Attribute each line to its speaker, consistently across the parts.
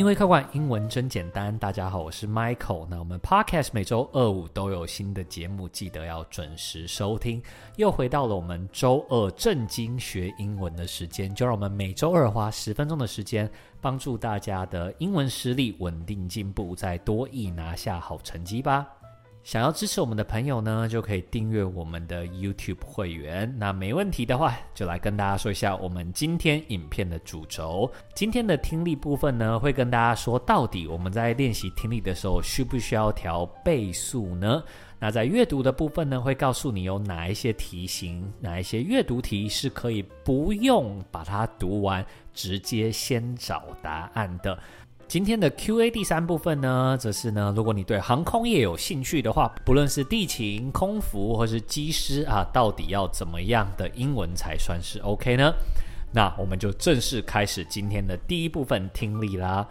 Speaker 1: 因為易開罐，英文真簡單。大家好，我是 Michael。那我們 Podcast 每周二五都有新的節目，記得要準時收聽。又回到了我們周二正經學英文的時間，就讓我們每周二花十分鐘的時間，幫助大家的英文實力穩定進步，在多益拿下好成績吧。想要支持我們的朋友呢，就可以訂閱我們的 YouTube 會員。那沒問題的話，就來跟大家說一下我們今天影片的主軸。今天的聽力部分呢，會跟大家說到底我們在練習聽力的時候，需不需要調倍速呢？那在閱讀的部分呢，會告訴你有哪一些題型，哪一些閱讀題是可以不用把它讀完，直接先找答案的。今天的 Q&A 第三部分呢，則是呢，如果你對航空業有興趣的話，不論是地勤、空服或是機師啊，到底要怎麼樣的英文才算是 OK 呢？那我們就正式開始今天的第一部分聽力啦。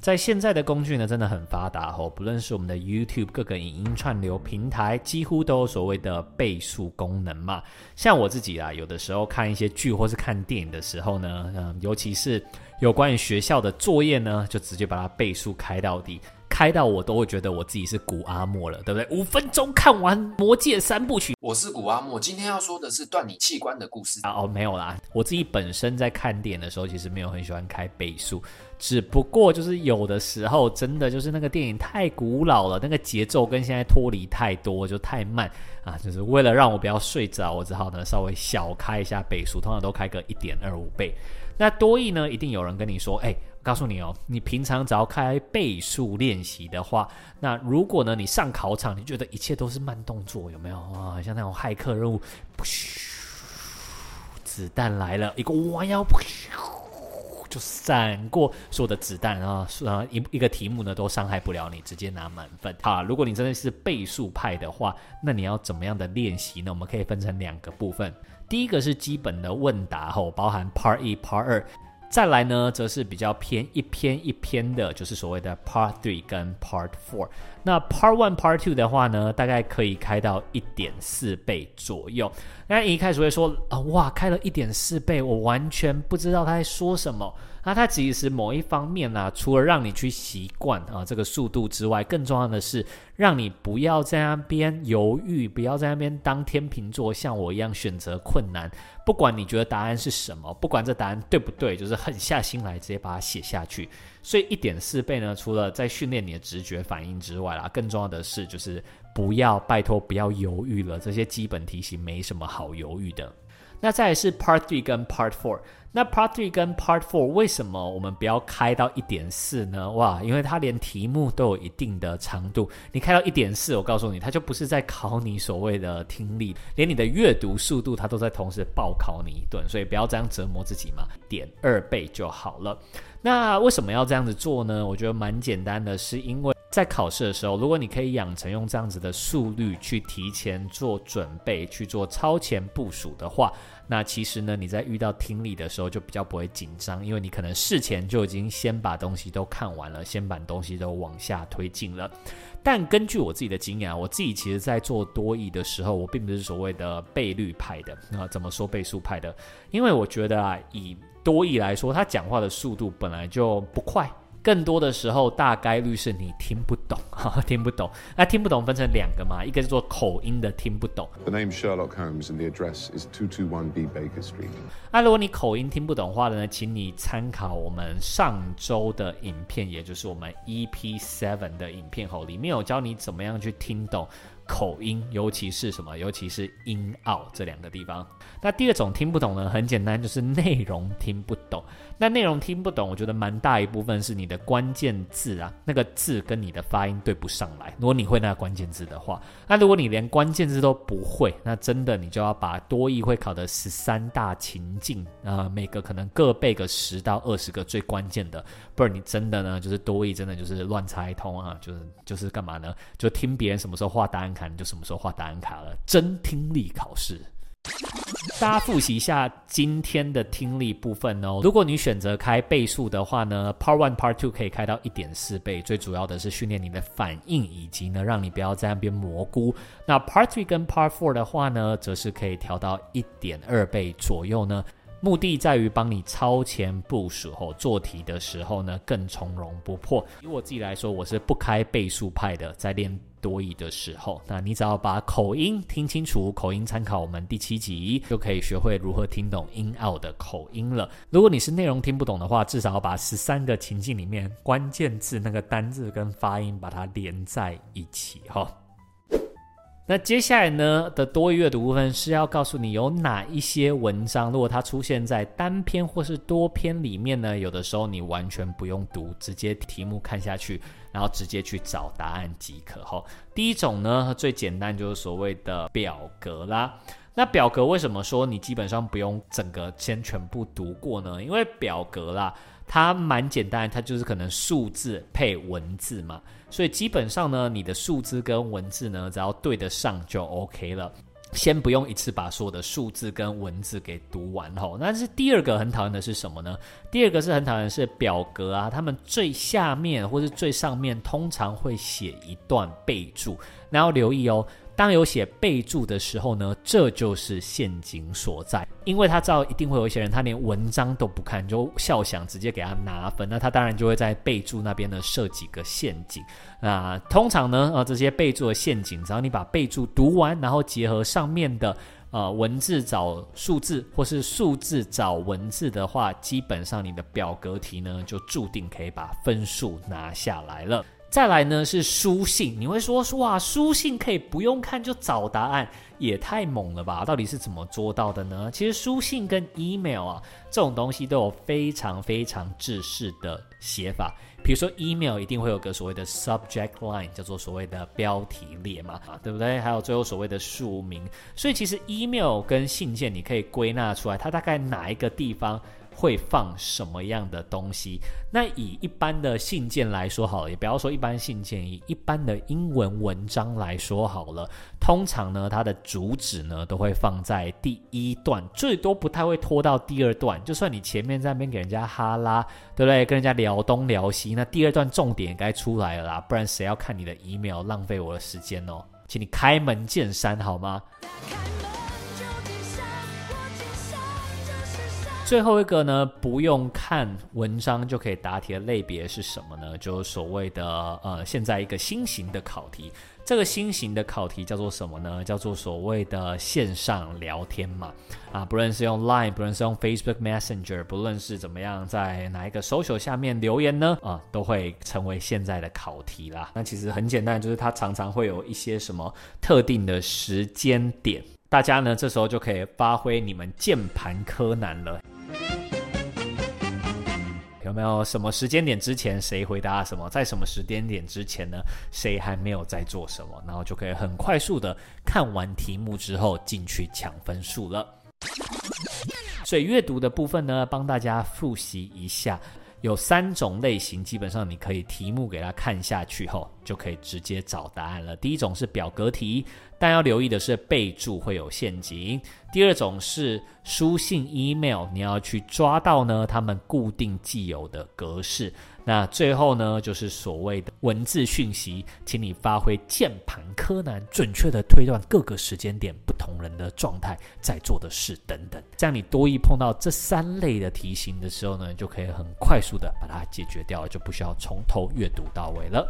Speaker 1: 在現在的工具呢，真的很發達哦。不論是我們的 YouTube 各個影音串流平台，幾乎都有所謂的倍速功能嘛。像我自己啊，有的時候看一些劇或是看電影的時候呢，嗯，尤其是有關於學校的作業呢，就直接把它倍速開到底。拍到我都會覺得我自己是古阿莫了，對不對？五分鐘看完《魔戒》三部曲，我是古阿莫。今天要說的是斷你器官的故事啊！哦，沒有啦，我自己本身在看電影的時候，其實沒有很喜歡開倍速，只不過就是有的時候真的就是那個電影太古老了，那個節奏跟現在脫離太多，就太慢啊。就是為了讓我不要睡着，我只好呢稍微小開一下倍速，通常都開個一點二五倍。那多益呢，一定有人跟你說，哎、欸。告訴你哦，你平常只要開倍速練習的話，那如果呢，你上考場，你覺得一切都是慢動作，有沒有？啊，像那種駭客任務，咻，子彈來了，一個彎腰，就閃過所有的子彈啊，啊，一一個題目呢都傷害不了你，直接拿滿分。好，如果你真的是倍速派的話，那你要怎麼樣的練習呢？我們可以分成兩個部分，第一個是基本的問答哦，包含 Part 一、Part 二。再來呢，則是比較偏一篇一篇的，就是所謂的 Part Three 跟 Part Four。那 Part One、Part Two 的話呢，大概可以開到一點四倍左右。那一開始會說啊、呃，哇，開了一點四倍，我完全不知道他在說什麼。那它其實某一方面呢、啊，除了讓你去習慣啊這個速度之外，更重要的是讓你不要在那邊猶豫，不要在那邊當天秤座像我一樣選擇困難。不管你覺得答案是什麼，不管這答案對不對，就是狠下心來直接把它寫下去。所以一點四倍呢，除了在訓練你的直覺反應之外啦，更重要的是就是不要拜托，不要猶豫了。這些基本題型沒什麼好猶豫的。那再來是 Part Three 跟 Part Four，那 Part Three 跟 Part Four 為什麼我們不要開到一點四呢？哇，因為它連題目都有一定的長度，你開到一點四，我告訴你，它就不是在考你所謂的聽力，連你的閱讀速度，它都在同時報考你一頓，所以不要這樣折磨自己嘛，點二倍就好了。那為什麼要這樣子做呢？我覺得蠻簡單的是因為在考試的時候，如果你可以養成用這樣子的速率去提前做準備，去做超前部署的話，那其實呢，你在遇到聽力的時候就比較不會緊張，因為你可能事前就已經先把東西都看完了，先把東西都往下推進了。但根據我自己的經驗啊，我自己其實，在做多益的時候，我並不是所謂的倍率派的，那怎麼說倍數派的？因為我覺得啊，以多益來說，他講話的速度本來就不快。更多的時候，大概率是你聽不懂，聽不懂。那、啊、聽不懂分成兩個嘛，一個叫做口音的聽不懂。The name is Sherlock Holmes and the address is two two one B Baker Street、啊。那如果你口音聽不懂的話的呢，請你參考我們上周的影片，也就是我們 EP seven 的影片哦，裡面有教你怎麼樣去聽懂。口音，尤其是什麼？尤其是英澳這兩個地方。那第二種聽不懂呢？很簡單，就是內容聽不懂。那內容聽不懂，我覺得蠻大一部分是你的關鍵字啊，那個字跟你的發音對不上來。如果你會那個關鍵字的話，那如果你連關鍵字都不會，那真的你就要把多益會考的十三大情境啊、呃，每個可能各背個十到二十個最關鍵的，不然你真的呢，就是多益真的就是亂猜通啊，就是就是幹嘛呢？就聽別人什麼時候畫答案。看就什麼時候畫答案卡了。真聽力考試，大家複習一下今天的聽力部分哦。如果你選擇開倍速的話呢，Part One、Part Two 可以開到一點四倍，最主要的是訓練你的反應，以及呢讓你不要在那邊蘑菇。那 Part Three 跟 Part Four 的話呢，則是可以調到一點二倍左右呢，目的在於幫你超前部署後，哦，做題的時候呢更從容不迫。以我自己來說，我是不開倍速派的，在練。多益的時候，那你只要把口音聽清楚，口音參考我們第七集，就可以學會如何聽懂英澳的口音了。如果你是內容聽不懂的話，至少要把十三個情境裡面關鍵字那個單字跟發音把它連在一起哈、哦。那接下來呢的多益閱讀部分是要告訴你有哪一些文章，如果它出現在單篇或是多篇裡面呢，有的時候你完全不用讀，直接題目看下去。然後直接去找答案即可齁。第一種呢，最簡單就是所謂的表格啦。那表格為什麼說你基本上不用整個先全部讀過呢？因為表格啦，它蠻簡單，它就是可能數字配文字嘛。所以基本上呢，你的數字跟文字呢，只要對得上就 OK 了。先不用一次把所有的數字跟文字給讀完吼，那是第二個很討厭的是什麼呢？第二個是很討厭的是表格啊，他們最下面或是最上面通常會寫一段備註，那要留意哦。當有寫備註的時候呢，這就是陷阱所在，因為他知道一定會有一些人他連文章都不看就笑，想直接給他拿分，那他當然就會在備註那邊呢設幾個陷阱。那通常呢，啊這些備註的陷阱，只要你把備註讀完，然後結合上面的呃文字找數字，或是數字找文字的話，基本上你的表格題呢就注定可以把分數拿下來了。再來呢，是書信，你會說哇，書信可以不用看就找答案，也太猛了吧？到底是怎麼做到的呢？其實書信跟 email 啊，這種東西都有非常非常制式的寫法，比如說 email 一定會有個所謂的 subject line，叫做所謂的標題列嘛，啊對不對？還有最後所謂的署名，所以其實 email 跟信件你可以歸納出來，它大概哪一個地方？會放什麼樣的東西？那以一般的信件來說好了，也不要說一般信件，以一般的英文文章來說好了。通常呢，它的主旨呢都會放在第一段，最多不太會拖到第二段。就算你前面在那邊給人家哈拉，對不對？跟人家聊東聊西，那第二段重點也該出來了啦。不然誰要看你的 email 浪費我的時間哦？請你開門見山好嗎？最後一個呢，不用看文章就可以答題的類別是什麼呢？就是所謂的呃，現在一個新型的考題。這個新型的考題叫做什麼呢？叫做所謂的線上聊天嘛。啊，不論是用 Line，不論是用 Facebook Messenger，不論是怎麼樣，在哪一個 social 下面留言呢？啊、呃，都會成為現在的考題啦。那其實很簡單，就是它常常會有一些什麼特定的時間點。大家呢，這時候就可以發揮你們鍵盤柯南了。有沒有什麼時間點之前誰回答什麼？在什麼時間點之前呢？誰還沒有在做什麼？然後就可以很快速的看完題目之後進去搶分數了。所以閱讀的部分呢，幫大家複習一下。有三種類型，基本上你可以題目給他看下去後，就可以直接找答案了。第一種是表格題，但要留意的是備註會有陷阱。第二種是書信、Email，你要去抓到呢，他們固定既有的格式。那最後呢，就是所謂的文字訊息，請你發揮鍵盤柯南，準確的推斷各個時間點不同人的狀態在做的事等等。這樣你多益碰到這三類的題型的時候呢，就可以很快速的把它解決掉，就不需要從頭閱讀到尾了。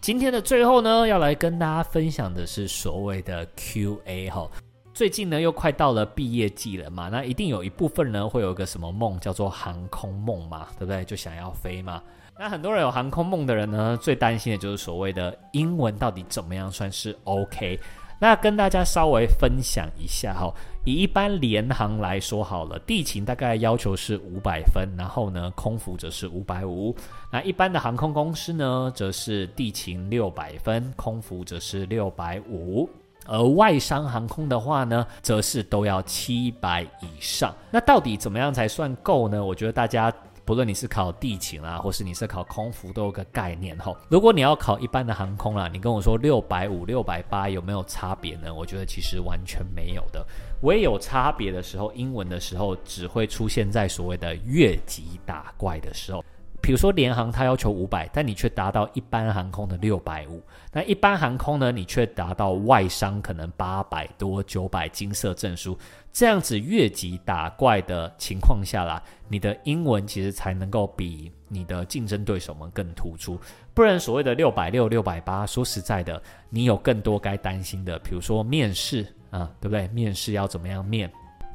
Speaker 1: 今天的最後呢，要來跟大家分享的是所謂的 QA 哈。最近呢，又快到了畢業季了嘛，那一定有一部分人會有一個什麼夢，叫做航空夢嘛，對不對？就想要飛嘛。那很多人有航空夢的人呢，最擔心的就是所謂的英文到底怎麼樣算是 OK？那跟大家稍微分享一下哈、哦，以一般聯航來說好了，地勤大概要求是五百分，然後呢，空服則是五百五。那一般的航空公司呢，則是地勤六百分，空服則是六百五。而外商航空的話呢，則是都要七百以上。那到底怎麼樣才算夠呢？我覺得大家。不論你是考地勤啊，或是你是考空服，都有個概念哈。如果你要考一般的航空啦，你跟我說六百五、六百八有沒有差別呢？我覺得其實完全沒有的。唯有差別的時候，英文的時候，只會出現在所謂的越級打怪的時候。比如說，聯航它要求五百，但你卻達到一般航空的六百五。那一般航空呢，你卻達到外商可能八百多、九百金色證書。這樣子越級打怪的情況下啦，你的英文其實才能夠比你的競爭對手們更突出。不然所謂的六百六、六百八，說實在的，你有更多該擔心的，比如說面試啊，對不對？面試要怎麼樣面？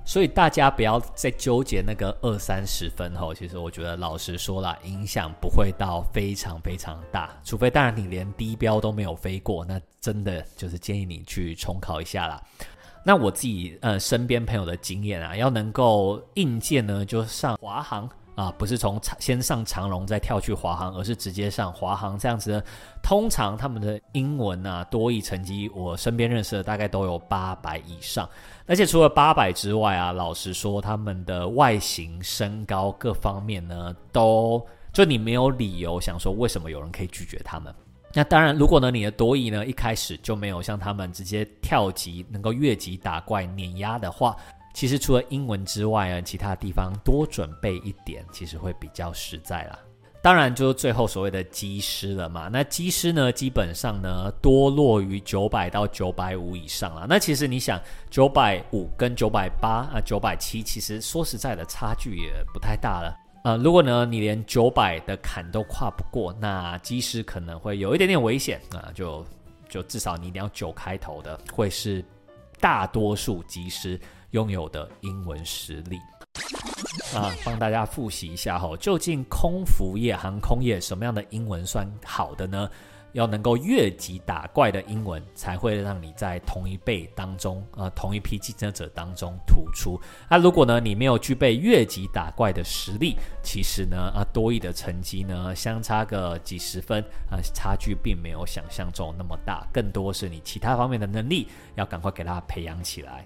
Speaker 1: 所以大家不要再糾結那個二三十分吼，其實我覺得老實說啦，影響不會到非常非常大，除非當然你連低標都沒有飛過，那真的就是建議你去重考一下啦。那我自己呃身邊朋友的經驗啊，要能夠硬件呢，就上華航。啊，不是從長先上長榮再跳去華航，而是直接上華航這樣子呢，通常他們的英文啊，多益成績，我身邊認識的大概都有八百以上。而且除了八百之外啊，老實說，他們的外形、身高各方面呢，都就你沒有理由想說為什麼有人可以拒絕他們。那當然，如果呢你的多益呢一開始就沒有像他們直接跳級，能夠越級打怪碾壓的話。其實除了英文之外呢，其他地方多準備一點，其實會比較實在啦。當然就是最後所謂的機師了嘛。那機師呢，基本上呢多落於九百到九百五以上。那其實你想，九百五跟九百八啊，九百七，其實說實在的差距也不太大了。啊，如果呢你連九百的坎，都跨不過，那機師可能會有一點點危險啊。就就至少你一定要九開頭的會是。大多數機師擁有的英文實力啊，幫大家複習一下吼，究竟空服業、航空業什麼樣的英文算好的呢？要能夠越級打怪的英文，才會讓你在同一輩當中，呃，同一批競爭者,者當中突出。那、啊、如果呢，你沒有具備越級打怪的實力，其實呢，啊，多益的成績呢，相差個幾十分，啊，差距並沒有想象中那麼大。更多是你其他方面的能力，要趕快給他培養起來。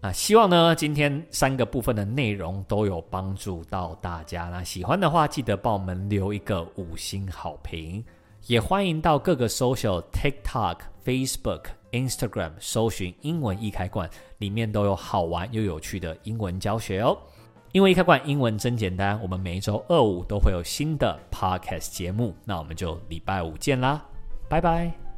Speaker 1: 啊，希望呢，今天三個部分的內容都有幫助到大家。那喜歡的話，記得幫我們留一個五星好評。也歡迎到各個 social TikTok、Facebook、Instagram 搜尋“英文易開罐”，裡面都有好玩又有趣的英文教學哦。英文易開罐，英文真簡單。我們每週二五都會有新的 podcast 節目，那我們就禮拜五見啦，拜拜。